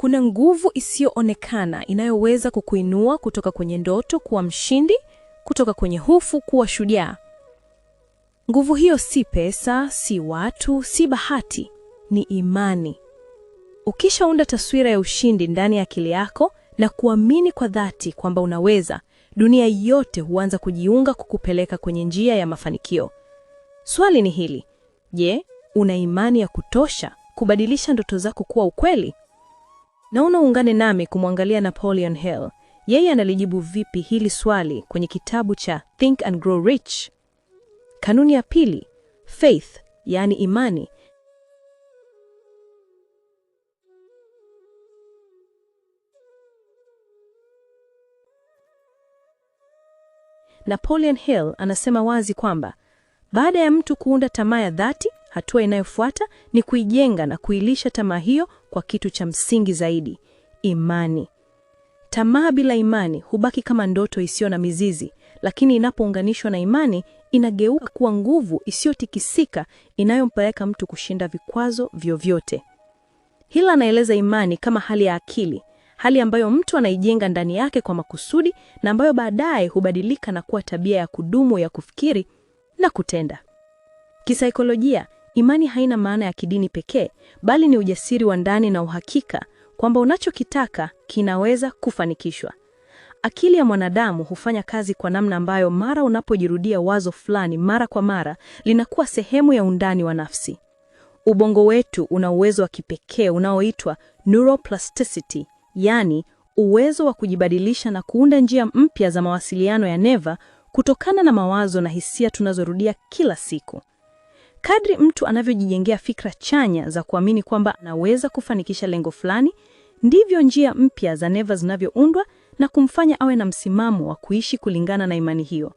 Kuna nguvu isiyoonekana inayoweza kukuinua kutoka kwenye ndoto kuwa mshindi, kutoka kwenye hofu kuwa shujaa. Nguvu hiyo si pesa, si watu, si bahati, ni imani. Ukishaunda taswira ya ushindi ndani ya akili yako na kuamini kwa dhati kwamba unaweza, dunia yote huanza kujiunga kukupeleka kwenye njia ya mafanikio. Swali ni hili: je, una imani ya kutosha kubadilisha ndoto zako kuwa ukweli? Naona uungane nami kumwangalia Napoleon Hill. Yeye analijibu vipi hili swali kwenye kitabu cha Think and Grow Rich. Kanuni ya pili, faith, yaani imani. Napoleon Hill anasema wazi kwamba baada ya mtu kuunda tamaa ya dhati Hatua inayofuata ni kuijenga na kuilisha tamaa hiyo kwa kitu cha msingi zaidi, imani. Tamaa bila imani hubaki kama ndoto isiyo na mizizi, lakini inapounganishwa na imani inageuka kuwa nguvu isiyotikisika inayompeleka mtu kushinda vikwazo vyovyote. Hila anaeleza imani kama hali ya akili, hali ambayo mtu anaijenga ndani yake kwa makusudi na ambayo baadaye hubadilika na kuwa tabia ya kudumu ya kufikiri na kutenda. Kisaikolojia, Imani haina maana ya kidini pekee, bali ni ujasiri wa ndani na uhakika kwamba unachokitaka kinaweza kufanikishwa. Akili ya mwanadamu hufanya kazi kwa namna ambayo mara unapojirudia wazo fulani mara kwa mara, linakuwa sehemu ya undani wa nafsi. Ubongo wetu una uwezo wa kipekee unaoitwa neuroplasticity, yaani uwezo wa kujibadilisha na kuunda njia mpya za mawasiliano ya neva kutokana na mawazo na hisia tunazorudia kila siku. Kadri mtu anavyojijengea fikra chanya za kuamini kwamba anaweza kufanikisha lengo fulani, ndivyo njia mpya za neva zinavyoundwa na kumfanya awe na msimamo wa kuishi kulingana na imani hiyo.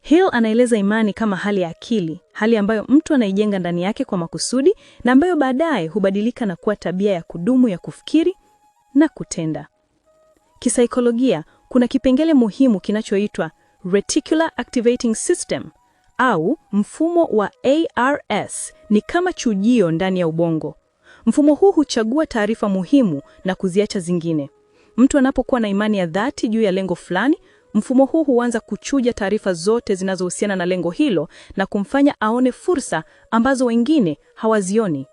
Hill anaeleza imani kama hali ya akili, hali ambayo mtu anaijenga ndani yake kwa makusudi na ambayo baadaye hubadilika na kuwa tabia ya kudumu ya kufikiri na kutenda. Kisaikolojia, kuna kipengele muhimu kinachoitwa reticular activating system au mfumo wa ARS ni kama chujio ndani ya ubongo. Mfumo huu huchagua taarifa muhimu na kuziacha zingine. Mtu anapokuwa na imani ya dhati juu ya lengo fulani, mfumo huu huanza kuchuja taarifa zote zinazohusiana na lengo hilo na kumfanya aone fursa ambazo wengine hawazioni.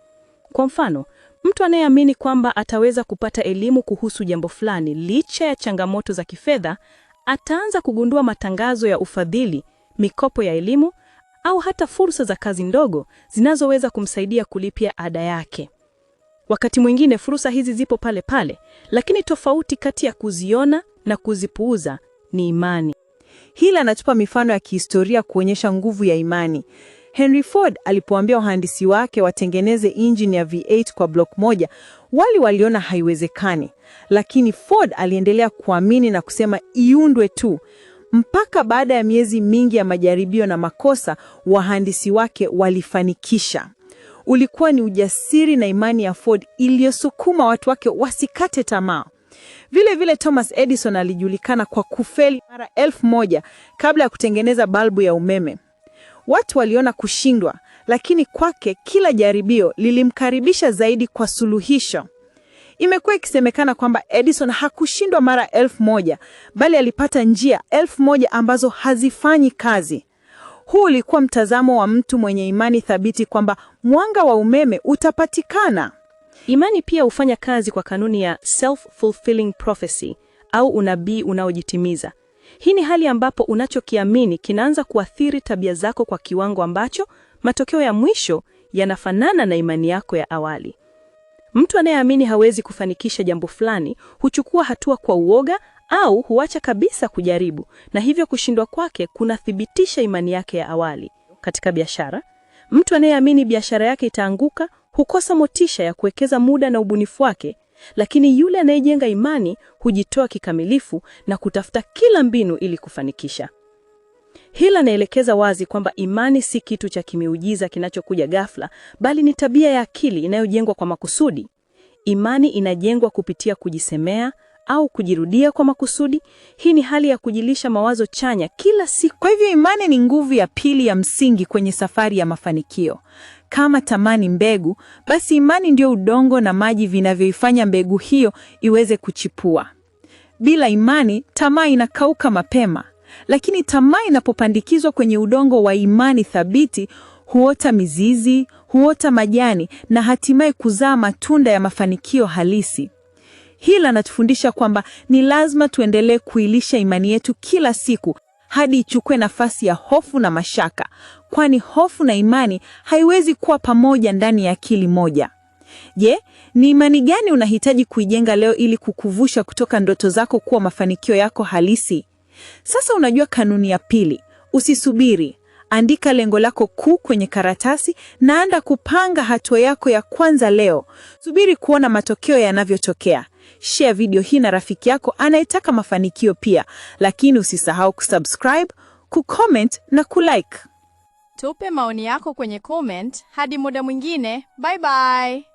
Kwa mfano, mtu anayeamini kwamba ataweza kupata elimu kuhusu jambo fulani licha ya changamoto za kifedha, ataanza kugundua matangazo ya ufadhili mikopo ya elimu au hata fursa za kazi ndogo zinazoweza kumsaidia kulipia ada yake. Wakati mwingine fursa hizi zipo pale pale, lakini tofauti kati ya kuziona na kuzipuuza ni imani. Hila anatupa mifano ya kihistoria kuonyesha nguvu ya imani. Henry Ford alipoambia wahandisi wake watengeneze injini ya V8 kwa block moja, wali waliona haiwezekani, lakini Ford aliendelea kuamini na kusema iundwe tu. Mpaka baada ya miezi mingi ya majaribio na makosa, wahandisi wake walifanikisha. Ulikuwa ni ujasiri na imani ya Ford iliyosukuma watu wake wasikate tamaa. Vile vile Thomas Edison alijulikana kwa kufeli mara elfu moja kabla ya kutengeneza balbu ya umeme. Watu waliona kushindwa, lakini kwake kila jaribio lilimkaribisha zaidi kwa suluhisho. Imekuwa ikisemekana kwamba Edison hakushindwa mara elfu moja bali alipata njia elfu moja ambazo hazifanyi kazi. Huu ulikuwa mtazamo wa mtu mwenye imani thabiti kwamba mwanga wa umeme utapatikana. Imani pia hufanya kazi kwa kanuni ya self-fulfilling prophecy au unabii unaojitimiza. Hii ni hali ambapo unachokiamini kinaanza kuathiri tabia zako kwa kiwango ambacho matokeo ya mwisho yanafanana na imani yako ya awali. Mtu anayeamini hawezi kufanikisha jambo fulani huchukua hatua kwa uoga au huacha kabisa kujaribu, na hivyo kushindwa kwake kunathibitisha imani yake ya awali. Katika biashara, mtu anayeamini biashara yake itaanguka hukosa motisha ya kuwekeza muda na ubunifu wake, lakini yule anayejenga imani hujitoa kikamilifu na kutafuta kila mbinu ili kufanikisha. Hili linaelekeza wazi kwamba imani si kitu cha kimiujiza kinachokuja ghafla, bali ni tabia ya akili inayojengwa kwa makusudi. Imani inajengwa kupitia kujisemea au kujirudia kwa makusudi. Hii ni hali ya kujilisha mawazo chanya kila siku. Kwa hivyo, imani ni nguvu ya pili ya msingi kwenye safari ya mafanikio. Kama tamani mbegu, basi imani ndio udongo na maji vinavyoifanya mbegu hiyo iweze kuchipua. Bila imani, tamaa inakauka mapema. Lakini tamaa inapopandikizwa kwenye udongo wa imani thabiti, huota mizizi, huota majani na hatimaye kuzaa matunda ya mafanikio halisi. hii lanatufundisha kwamba ni lazima tuendelee kuilisha imani yetu kila siku hadi ichukue nafasi ya hofu na mashaka, kwani hofu na imani haiwezi kuwa pamoja ndani ya akili moja. Je, ni imani gani unahitaji kuijenga leo ili kukuvusha kutoka ndoto zako kuwa mafanikio yako halisi? Sasa unajua kanuni ya pili, usisubiri. Andika lengo lako kuu kwenye karatasi na anza kupanga hatua yako ya kwanza leo. Subiri kuona matokeo yanavyotokea. Share video hii na rafiki yako anayetaka mafanikio pia, lakini usisahau kusubscribe, kucomment na kulike. Tupe maoni yako kwenye comment. Hadi muda mwingine, bye bye.